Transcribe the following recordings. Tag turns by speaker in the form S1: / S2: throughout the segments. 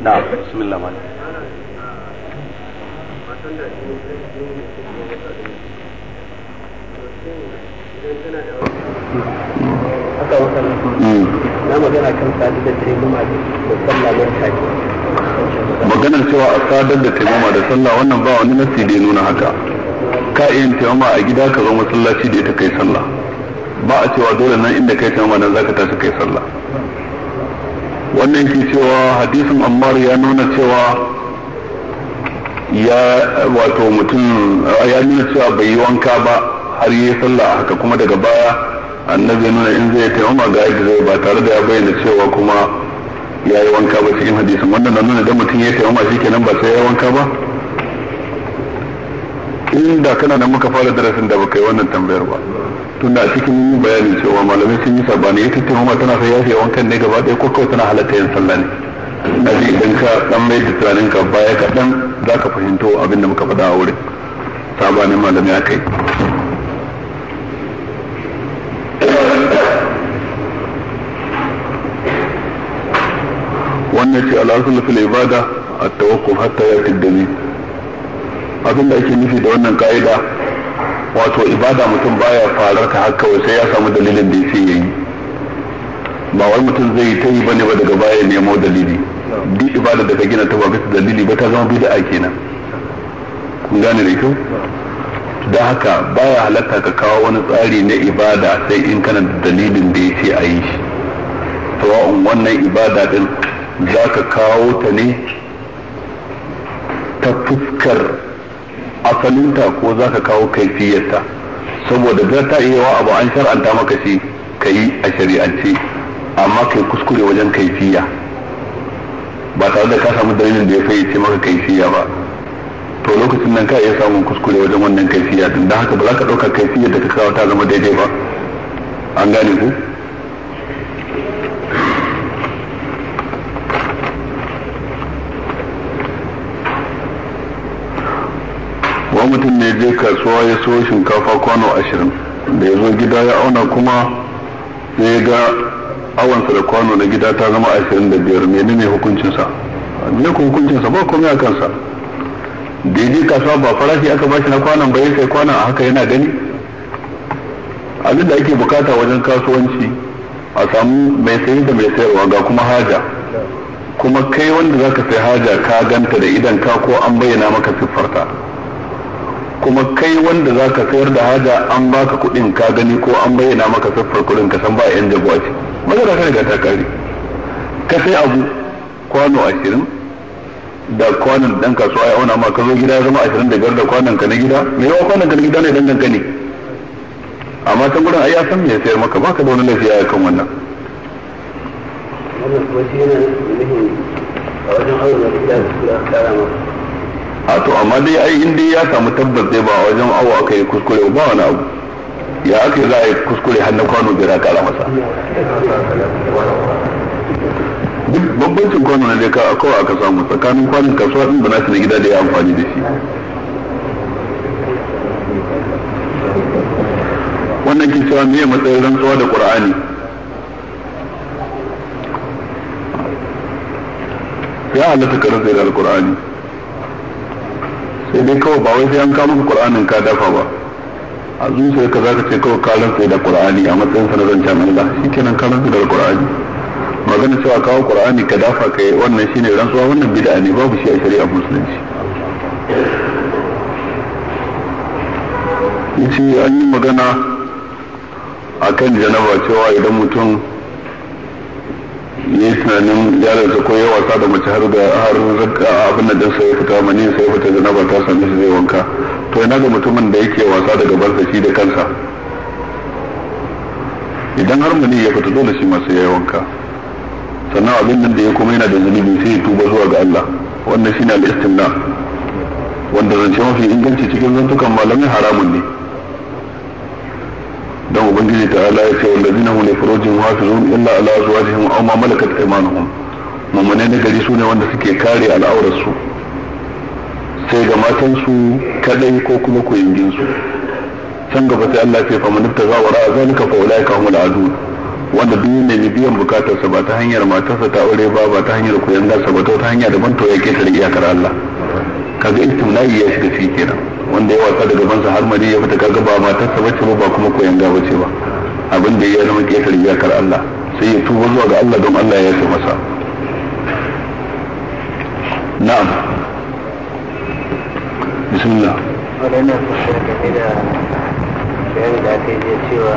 S1: na'am bismillah malam maganar cewa a sadar da taimama da sallah wannan ba wani nasi da ya nuna haka ka iya taimama a gida ka zo masallaci da ita kai sallah ba a cewa dole nan inda kai taimama nan ka tashi kai sallah wannan ke cewa hadisin ammar ya nuna cewa ya wato mutum ya nuna cewa bai yi wanka ba har yi sallah haka kuma daga baya annabi ya nuna in zai taimama ga yadda zai ba tare da ya bayyana cewa kuma ya yi wanka ba cikin hadisin wannan na nuna da mutum ya taimama shi nan ba sai ya yi wanka ba inda kana da muka fara darasin da baka yi wannan tambayar ba tunda a cikin yin bayani cewa malamai sun yi sabani ita ce mama tana sai yafe wankan ne gaba ɗaya ko kawai tana halatta yin sallah ne na ji idan ka dan mai da tunanin ka baya kaɗan za ka fahimto abin da muka faɗa a wurin sabanin malamai aka yi wannan ce al'asul fil ibada at-tawakkul hatta yati dalil abin da ake nufi da wannan ka'ida wato ibada mutum baya farar ta haka kawai sai ya samu dalilin da sai yi ba wai mutum zai yi ta yi bane ba daga baya nemo dalili duk ibada daga gina ta ba bisa dalili ba ta zama a kenan kun gane da kyau da haka baya halatta ka kawo wani tsari na ibada sai in kana da dalilin da ya ce a yi shi wannan ibada din za ka kawo ta ne ta fuskar asalinta ko za ka kawo kaifiyarta saboda za ta iya wa abu an shar'anta maka shi ka yi a shari'ance amma kai kuskure wajen kaifiya ba tare da ka samu dalilin da ya fayyace maka kaifiya ba to lokacin nan ka iya samun kuskure wajen wannan kaifiya din da haka ba za ka ɗauka kaifiyar da ka kawo ta zama daidai ba an gane ku mutum ne je kasuwa ya so shinkafa kwano ashirin da ya zo gida ya auna kuma sai ga awansa da kwano na gida ta zama ashirin da biyar menene hukuncinsa ne hukuncinsa ba kome a kansa daidai kasuwa ba farashi aka bashi na kwanan ba ya sai kwanan a haka yana gani abin da ake bukata wajen kasuwanci a samu mai sayi da mai sayarwa ga kuma haja kuma kai wanda zaka sai haja ka ganta da idan ka ko an bayyana maka siffarta kuma kai wanda za ka sayar da haja an baka kuɗin ka gani ko an bayyana maka siffar kuɗin ka san ba yan jagowa ce magana ta riga ta kare ka sai abu kwano ashirin da kwanon dan kasuwa ya auna amma ka zo gida ya zama ashirin da biyar da kwanon ka na gida me yawa kwanon ka na gida ne dan ne? amma can gudan ai ya san me sayar maka baka da wani lafiya ya kan wannan wannan kuma shi yana nufin a wajen aure da gida da su kara maka a to amma dai ai in dai ya samu tabbas dai ba wajen awo aka yi kuskure ba wani abu ya aka za a yi kuskure har na kwano biyar aka ala masa duk bambancin kwano na dai kawai aka samu tsakanin kwanin kasuwa din da nasu na gida da ya amfani da shi wannan ke cewa me matsayin rantsuwa da qur'ani ya halatta ka zai da ƙur'ani. sai dai kawai ba wai sai an kawo maka qur'anin ka dafa ba a zuciya ka zaka ce kawai ka rantsa da qur'ani a matsayin sa na da Allah shikenan ka rantsa da qur'ani magana cewa kawo qur'ani ka dafa kai wannan shine rantsuwa wannan bid'a ne babu shi a shari'a musulunci yace an yi magana akan janaba cewa idan mutum ne tunanin yaron ta koyi wasa da mace har da har abin da dinsa ya fita mani sai fita da janaba ta sami shi zai wanka to ina ga mutumin da yake wasa da gabansa shi da kansa idan har mani ya fita dole shi ma sai ya wanka sannan abin nan da ya kuma yana da zunubi sai ya tuba zuwa ga Allah wannan shine al-istimna wanda zance mafi inganci cikin zantukan malamai haramun ne dan ubangiji ta ala ya ce wallazina hum li furujihim zuwa illa ala azwajihim aw ma malakat aymanuhum mummune na gari su ne wanda suke kare al'aurarsu sai ga matansu kadai ko kuma koyinginsu can gaba sai Allah ce faman ta za wara zalika fa ulai ka humul azu wanda duk ne biyan bukatarsa ba ta hanyar matarsa ta aure ba ba ta hanyar koyangarsa ba ta hanya daban to ya tarbiya iyakar Allah kaga istimlai ya shiga shi kenan wanda ya wasa da gabansa har mari ya fita kaga ba matarsa bace ba ba kuma koyan ga bace ba abin da ya zama ƙetar iyakar Allah sai ya tuba zuwa ga Allah don Allah ya yafe masa na'am bismillah wadanda kusa game da bayani da aka yi cewa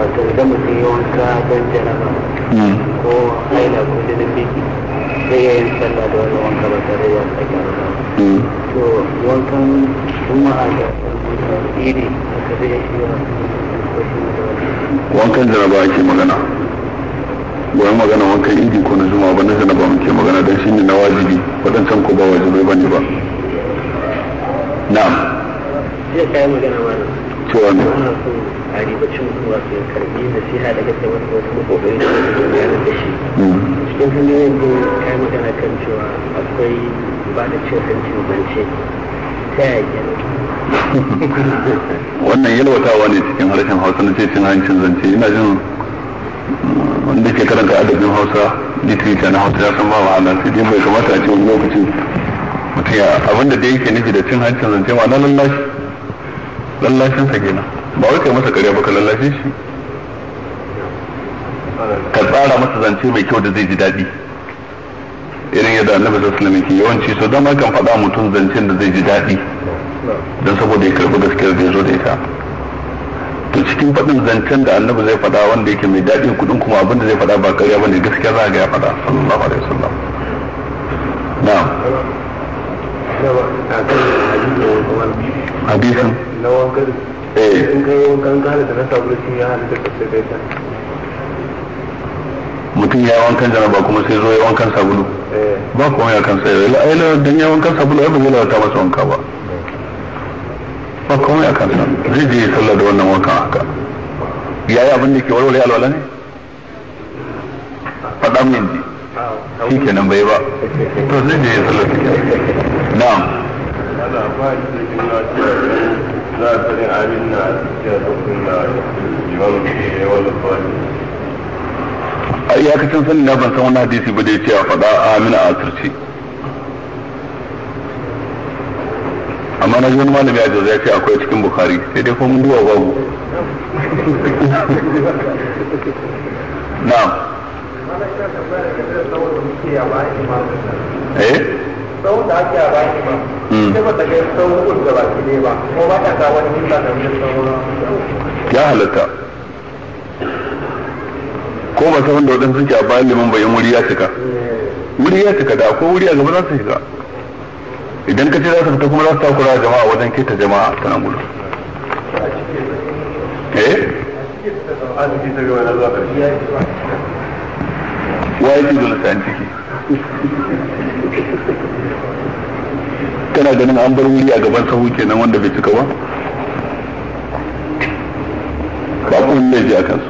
S1: wato idan mutum yi wanka don janaba hmm. ko haila ko sai ya yayin sallah da wani wanka ba tare da ya sake hmm. to wankan juma'a da iri aka zai wankan jaraba ake magana goyon magana wankan iri ko na juma'a ba na jaraba muke magana don shi ne na wajibi waɗancan ko ba wajibai ba ne ba na'am zai kai magana na cewa ne a ribacin kuma su karbi siya daga sai wani wasu makogoyi da su da shi mm. cikin hanyoyin da ta magana kan cewa akwai ba da cin hanci bance ta yaya wannan yalwatawa ne cikin harshen hausa na ce cin hancin zance ina jin uh, wanda ke karanta adabin hausa literature na hausa ya san ba ma'ana sai dai bai kamata a ce wani lokacin mutum ya abinda da yake nufi da cin hancin zance ma na lallashi sa kenan ba wai kai masa kare ba ka lallashe shi ka tsara masa zance mai kyau da zai ji daɗi irin yadda annabi sallallahu alaihi yawanci so dama kan faɗa mutum zancen da zai ji daɗi don saboda ya karɓi gaskiyar da ya zo da ita to cikin faɗin zancen da annabi zai faɗa wanda yake mai daɗin kuɗin kuma abin da zai faɗa ba ƙarya bane gaskiya za ga ya faɗa sallallahu alaihi wasallam na'am hadisin na wankan eh in kai wankan da na sabu shi ya halitta da kai mutum ya yi wankan janaba kuma sai zo ya wankan sabulu ba kuma ya sai ya yi dan ya wankan sabulu ai ba zai lalata masa wanka ba ba kuma ya kansa zai je sallar da wannan wankan haka ya yi abin da ke warware alwala ne faɗa min ji shi nan bai ba to zai je sallah da kenan na'am za a tsarin abin na cikin rukun na yawan da ya wani a iyakacin sani na ban san wani hadisi ba da ya ce a faɗa amina a asirce amma na ji wani malami a jaza ya ce akwai cikin bukhari sai dai kuma duwa babu na'am eh tsawon da ake a bayan imam sai ba ta kai tsawon da ba ne ba ko ba ta kawo wani nisa da wani tsawon ya halatta ko ba san da wadansu ke a bayan liman bayan wuri ya cika wuri ya cika da akwai wuri a gaba za su shiga idan ka ce za su fita kuma za su takura jama'a wajen keta jama'a ta nan gudu eh wa yake ciki kana ganin an bar wuri a gaban sahu kenan wanda bai cika ba ba ne laifi a kansu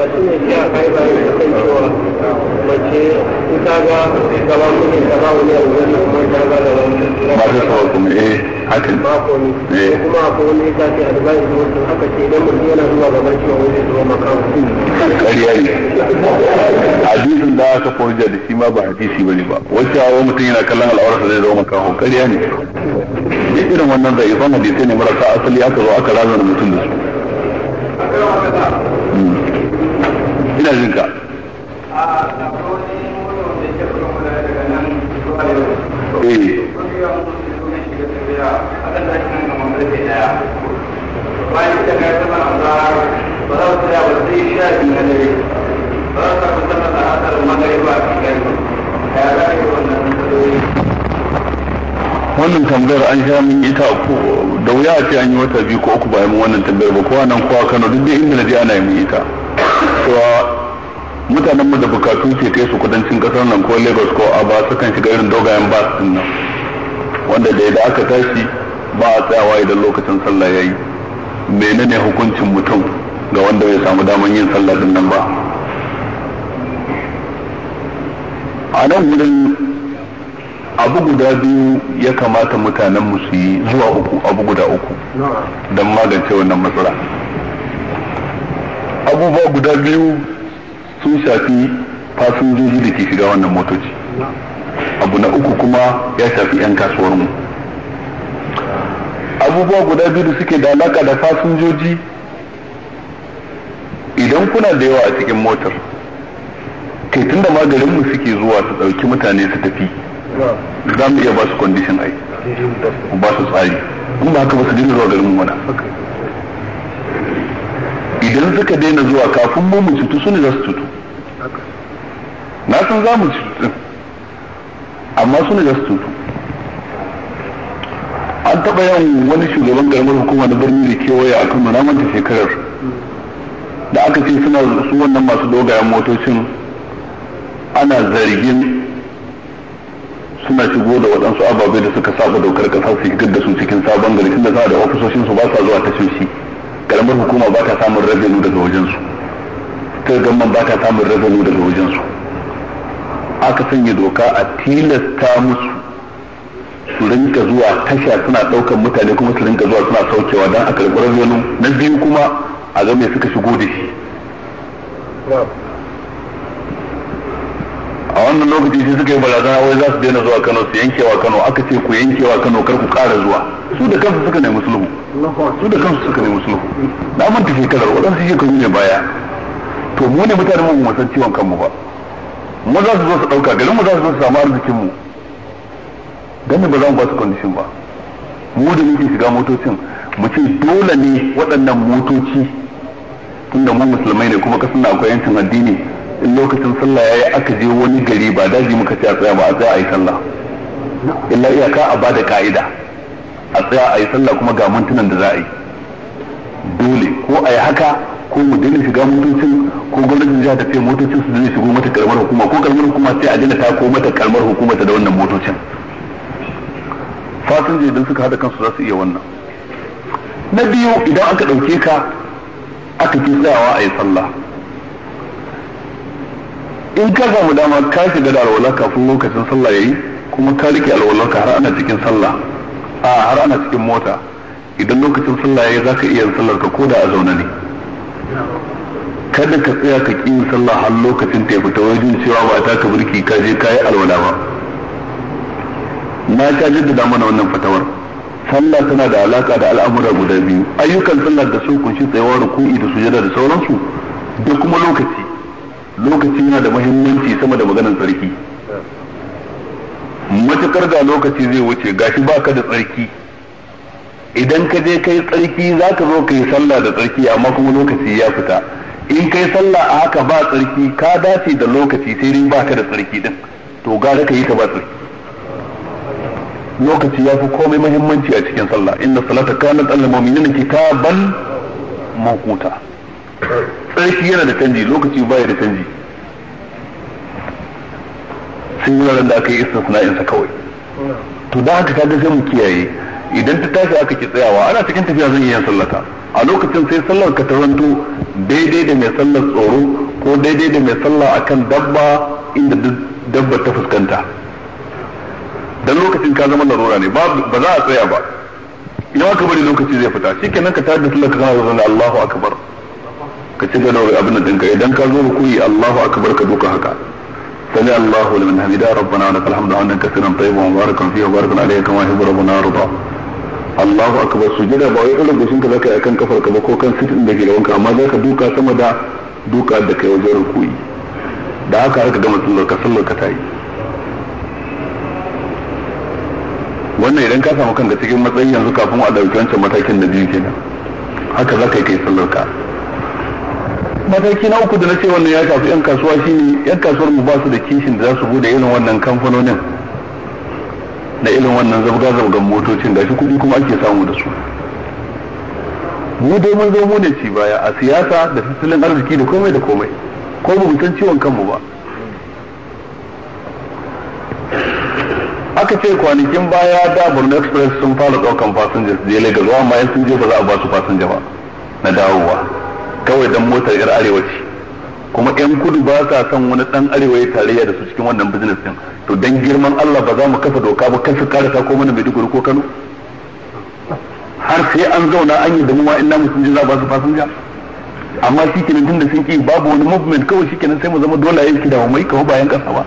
S1: ba shi ne a haifar da ga gaba ba eh, ne ba eh. mutum yana zuwa cewa zai zuwa makamu kariya ne hadisin da da shi ba hadisi ba zama ne duk irin wannan hadisai ne marasa asali aka zo aka razana mutum da su ina jin ka wannan tambayar an sha min ita da wuya a ce an yi wata biyu ko uku bayan wannan tambayar ba kowa nan kowa kano duk dai inda na je ana yi ita mutanen mu da bukatu ke kai su kudancin kasar nan ko lagos ko aba sukan shiga irin dogayen bas din nan wanda da idan aka tashi ba a tsayawa idan lokacin sallah yayi menene hukuncin mutum ga wanda bai samu daman yin sallah din nan ba a nan wurin abu guda biyu ya kamata mutanen mu su yi zuwa uku abu guda uku don magance wannan matsala abubuwa guda biyu sun shafi fasinjoji da ke shiga wannan motoci abu na uku kuma ya shafi 'yan kasuwar mu abubuwa guda biyu da suke da alaka da fasinjoji idan kuna da yawa a cikin motar kai tun da magarinmu suke zuwa su ɗauki mutane su tafi za mu iya ba su kwandishin ai ba su tsari in ba haka ba su dina zuwa garinmu mana idan suka daina zuwa kafin mu mu cutu su ne za su cutu na san za mu cutu amma suna da su cutu an taɓa yawan wani shugaban karamar hukuma na birni da kewaye a kan manamanta shekarar da aka ce suna su wannan masu dogayen motocin ana zargin suna shigo da waɗansu ababe da suka saba dokar ƙasa su gidda da su cikin sabon gari da suna da ofisoshin su ba sa zuwa ta tashoshi karamar hukuma ba ta samun rabinu daga wajensu ta gamman ba ta samun rabinu daga wajensu aka sanya doka a tilasta musu su rinka zuwa tasha suna ɗaukan mutane kuma su rinka zuwa suna saukewa don a karɓar zonu na biyu kuma a game suka shigo da shi a wannan lokaci sai suka yi barazana wai za su daina zuwa kano su yankewa kano aka ce ku yankewa kano kar ku ƙara zuwa su da kansu suka nemi sulhu su da kansu suka nemi sulhu na tafi kalar waɗansu shekaru ne baya to mu ne mutane mu san ciwon kanmu ba mu za su zo su ɗauka garin mu za su zo su samu arzikin mu dan ba za mu ba su condition ba mu da muke shiga motocin mu ce dole ne waɗannan motoci tunda mu musulmai ne kuma kasan akwai yancin addini in lokacin sallah yayi aka je wani gari ba daji muka ce a tsaya ba a tsaya ayi sallah illa iyaka a bada ka'ida a tsaya ayi sallah kuma ga mintunan da za a yi dole ko ayi haka ko mu daina shiga motocin ko gwamnatin jiha ta ce motocin su zai shigo mata kalmar hukuma ko kalmar hukuma sai a daina ta ko mata kalmar hukuma ta da wannan motocin fasinja idan suka hada kansu za su iya wannan na biyu idan aka ɗauke ka aka ki tsayawa a yi sallah in ka samu dama ka shiga da alwala kafin lokacin sallah yayi kuma ka rike alwalarka har ana cikin sallah a har ana cikin mota idan lokacin sallah yayi zaka iya sallar ka ko da a zaune ne kada ka tsaya ka ƙi yin sallah har lokacin ta fita wajen cewa ba ta ka burki ka je ka yi alwala ba na ka jaddada mana wannan fatawar sallah tana da alaka da al'amura guda biyu ayyukan sallah da su kunshi tsayawa ruku'i da sujada da sauransu da kuma lokaci lokaci yana da muhimmanci sama da maganar tsarki matukar da lokaci zai wuce gashi baka da tsarki idan ka je kai tsarki za ka zo ka yi sallah da tsarki amma kuma lokaci ya fita in kai sallah a haka ba tsarki ka dace da lokaci sai dai baka da tsarki din to gara ka yi ka ba tsarki lokaci ya fi komai muhimmanci a cikin sallah inna salata kanat al mu'minina kitaban mawquta tsarki yana da canji lokaci baya da canji sai wuraren da aka yi istisna'in sa kawai to da haka kaga sai mu kiyaye idan ta tashi aka ki tsayawa ana cikin tafiya zan iya sallata a lokacin sai sallar ka taranto daidai da mai sallar tsoro ko daidai da mai sallah akan dabba inda dabba ta fuskanta dan lokacin ka zama larura ne ba za a tsaya ba idan aka bari lokaci zai fita shikenan ka tada sallar ka kana da Allahu akbar ka ci gaba da abin da dinka idan ka zo rukuyi Allahu akbar ka duka haka سمع الله لمن حمده ربنا ولك الحمد عنا كثيرا طيبا مباركا فيه وبارك عليه كما يحب ربنا ويرضى Allahu akbar sujada ba wai irin gushin ka zaka yi akan kafar ka ba ko kan sitin da ke gaban ka amma zaka duka sama da duka da kai wajen rukuyi da haka aka gama sallar ka sallar ka tayi wannan idan ka samu kanka cikin matsayin yanzu kafin a dauki wancan matakin da biyu kenan haka zaka yi kai sallar ka mataki na uku da na ce wannan ya tafi yan kasuwa shine yan kasuwar mu ba su da kishin da za su bude irin wannan kamfanonin na irin wannan zabga-zabgan motocin da shi kuɗi kuma ake samu da su mu dai mun zo ne ci baya a siyasa da tattalin arziki da komai da komai ko mu san ciwon kanmu ba aka ce kwanakin baya da Borno Express sun fara daukan fasinja su je Lagos ma yan sun je ba za a ba su fasinja ba na dawowa kawai don motar yar arewaci. kuma yan kudu ba sa son wani dan arewa ya tarayya da su cikin wannan business din to dan girman Allah ba za mu kafa doka ba su karasa ko mana Maiduguri ko Kano har sai an zauna an yi damuwa in namu sun ji za ba su fasinja amma shi kenan tunda sun ki babu wani movement kawai shi kenan sai mu zama dole yin da mai kawai bayan kasa ba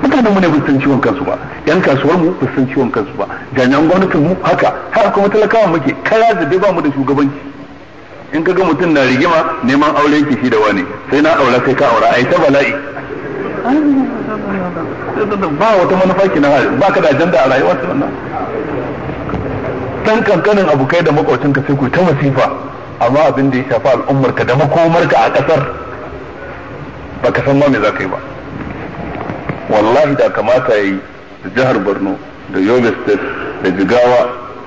S1: mutanen mu ne ba san ciwon kansu ba yan kasuwar mu ba san ciwon kansu ba jami'an gwamnatin mu haka har kuma talakawa muke kaya da dai ba mu da shugabanci in ka ga mutum na rigima neman auren ki da wani sai na aura sai ka aura ai ta bala'i ba wata manufa ki na ba ka da ajanda a rayuwar ta wannan kan kankanin abokai da da ka sai ku ta masifa amma abin da ya shafa al'ummar ka da makomar ka a kasar baka san ma me za ka yi ba wallahi da kamata yayi da jihar Borno da Yobe State da Jigawa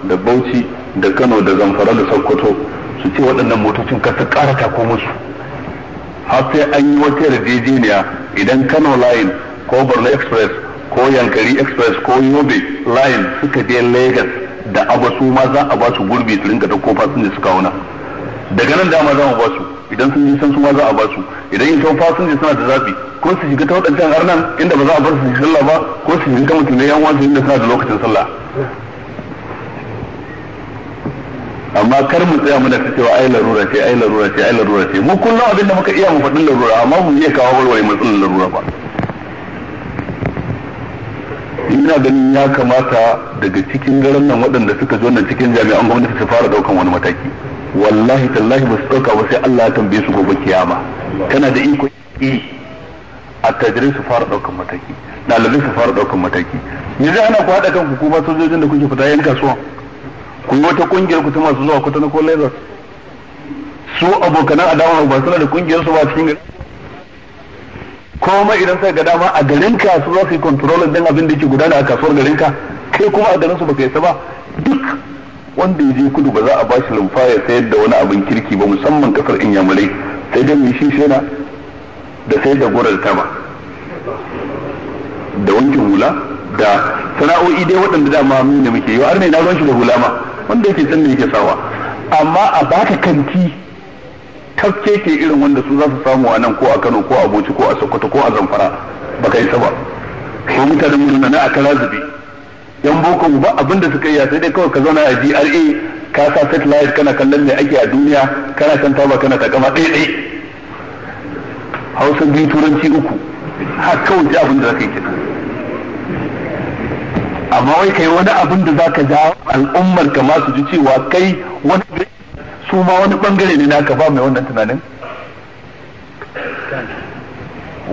S1: da Bauchi da Kano da Zamfara da Sokoto su ce waɗannan motocin ka su ƙara tako musu har sai an yi wata yarjejeniya idan kano line ko borno express ko yankari express ko yobe line suka je lagos da su ma za a ba su gurbi su rinka dauko fasinja su kawo nan daga nan dama za mu ba su idan sun yi san su ma za a ba su idan yin kan fasinja suna da zafi ko su shiga ta waɗancan arnan inda ba za a bar su sallah ba ko su shiga mutum ne yan wasu inda suna da lokacin sallah amma kar mu tsaya muna cewa ai larura ce ai larura ce ai larura ce mu kullum abin da muka iya mu faɗin larura amma mu iya kawo warware matsalar larura ba ina ganin ya kamata daga cikin garin nan waɗanda suka zo nan cikin jami'an gwamnati su fara ɗaukan wani mataki wallahi tallahi ba su ɗauka ba sai Allah ya tambaye su gobe kiyama kana da iko yi a tajirai su fara ɗaukan mataki ɗalibai su fara ɗaukan mataki yanzu ana ku haɗa kan hukuma sojojin da kuke fita yan kasuwa kuyi wata kungiyar ku ta masu zuwa kwatano ko lagos su abokanan adawa ba suna da kungiyar su ba cikin gari ma idan sai ga dama a garin ka su za su yi kontrolin din abin da yake gudana a kasuwar garin ka kai kuma a garin su baka yi ba duk wanda ya je kudu ba za a bashi rumfa ya sayar da wani abin kirki ba musamman kasar inyamurai sai dai mishi shena da sayar da gurar ba da wankin hula da sana'o'i dai waɗanda dama mu ne muke har arne na zan shi da hulama wanda yake san yake sawa amma a baka kanti tafke ke irin wanda su za su samu a nan ko a Kano ko a Bauchi ko a Sokoto ko a Zamfara baka yi saba ko mutanen mu na a Karazubi yan boko ba abin da suka yi sai dai kawai ka zauna a DRA ka sa satellite kana kallon me ake a duniya kana kan taba kana takama ɗaya ɗaya Hausa biyu turanci uku har kawai abin da zaka yi kenan amma wai kai wani abin da zaka ja al'ummar ka ma su ji cewa kai wani su ma wani bangare ne naka ba mai wannan tunanin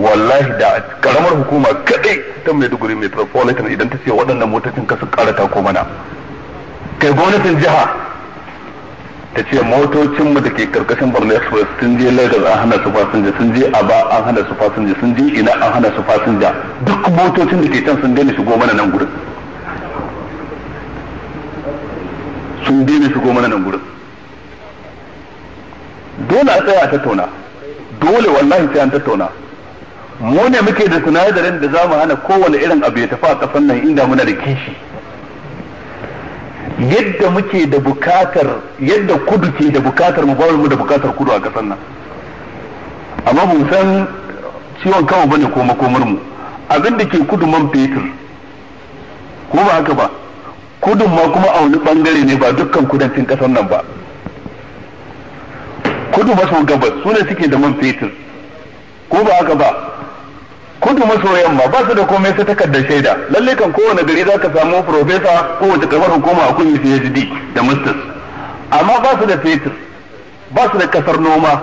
S1: wallahi da karamar hukuma kadai ta mai metropolitan idan ta ce waɗannan motocin ka su ƙara tako mana kai gwamnatin jiha ta ce motocinmu da ke karkashin Borno Express sun je Lagos an hana su fasinja sun je Aba an hana su fasinja sun je Ina an hana su fasinja duk motocin da ke can sun daina shigo mana nan gurin sun daina shigo mana nan gurin dole a tsaya a tattauna dole wallahi sai an tattauna mu ne muke da sinadarin da za mu hana kowane irin abu ya tafi a kasan nan inda muna da kishi yadda muke da bukatar yadda kudu ke da bukatar mu mu da bukatar kudu a kasan nan amma mu san ciwon kama bane ko makomar mu abin da ke kudu man fetur ko ba haka ba kudin ma kuma a wani bangare ne ba dukkan kudancin kasar nan ba kudu maso gabas su ne suke da man fetur ko ba haka ba kudu maso yamma ba su da komai sai takardar shaida lalle kan kowane gari za ka samu profesa ko wata kamar hukuma a kunyi PhD da masters amma ba su da fetur ba su da kasar noma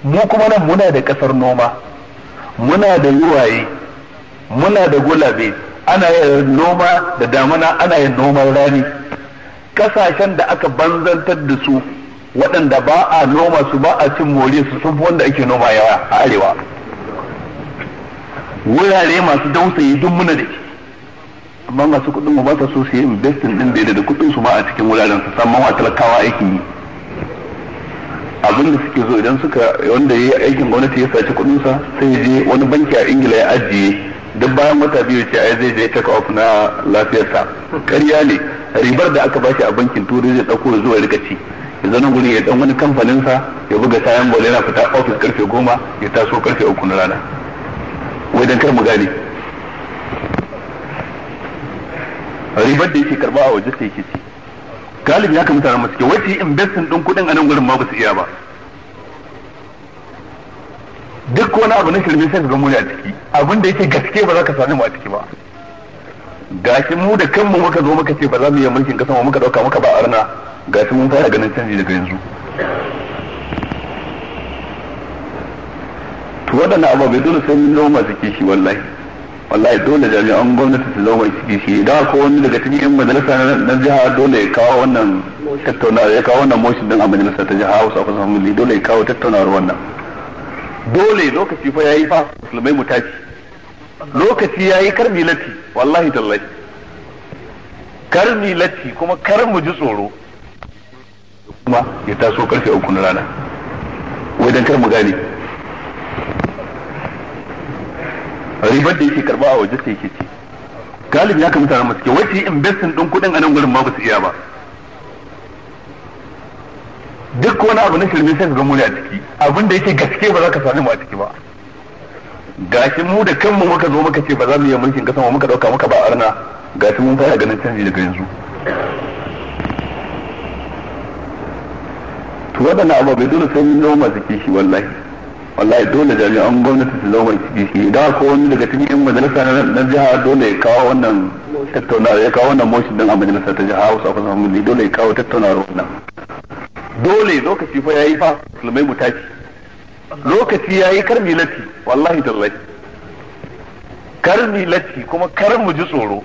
S1: mu kuma nan muna da kasar noma muna da yiwaye muna da gulabe ana yin noma da damana ana yin noman rani kasashen da aka banzantar da su waɗanda ba a noma su ba a cin more su sun wanda ake noma yawa a arewa wurare masu dausayi duk muna da amma masu kuɗin mu ba ta so su yi investin din da da kuɗin su ma a cikin wuraren su san mawa talakawa aikin yi abin da suke zo idan suka wanda ya yi aikin gwamnati ya saci kuɗin sa sai je wani banki a ingila ya ajiye duk bayan wata biyu ce ai zai je take off na lafiyarsa ƙarya ne ribar da aka bashi a bankin turai zai dauko zuwa rika ci ya nan gurin ya dan wani kamfanin sa ya buga sayan bole yana fita office karfe goma ya taso karfe uku na rana wai dan kar mu gane ribar da yake karba a waje sai yake ci galibi ya kamata na masu ke wace investing din kuɗin a nan gurin ma ba su iya ba duk wani abu na shirme sai ga muni a ciki abin da yake gaske ba za ka sami mu a ciki ba gashi mu da kanmu muka zo muka ce ba za mu yi mulkin kasa muka dauka muka ba arna gashi mun fara ganin canji daga yanzu to abu ababai dole sai mun zama masu kishi wallahi wallahi dole jami'an gwamnati su zama masu kishi idan ko wani daga cikin yan majalisa na jiha dole ya kawo wannan tattaunawa ya kawo wannan motion din a majalisa ta jiha wasu akwai Family dole ya kawo tattaunawar wannan dole lokaci fa yayi fa musulmai mu tashi lokaci yayi karmi latti wallahi tallahi karmi latti kuma kar mu ji tsoro kuma ya taso karfe uku na rana wai dan kar mu gane ribar da yake karba a waje sai yake ci galibi ya kamata na masu ke wai su investin ɗin kuɗin a nan gurin ma ba su iya ba duk wani abu na shirme sai ka ga mu a ciki abin da yake gaske ba za ka sami mu a ciki ba gashi mu da kanmu muka zo muka ce ba za mu yi mulkin kasa muka dauka muka ba arna gashi mun fara ganin canji daga yanzu to abu ababai dole sai mun zama masu kishi wallahi wallahi dole jami'an gwamnati su zama masu kishi idan ko wani daga cikin yan majalisa na jiha dole ya kawo wannan tattaunawa ya kawo wannan motion din a majalisa ta jiha wasu akwai dole ya kawo tattaunawa wannan dole lokaci fa yayi fa musulmai mu tashi lokaci yayi karmi latti wallahi tallahi karmi latti kuma kar mu ji tsoro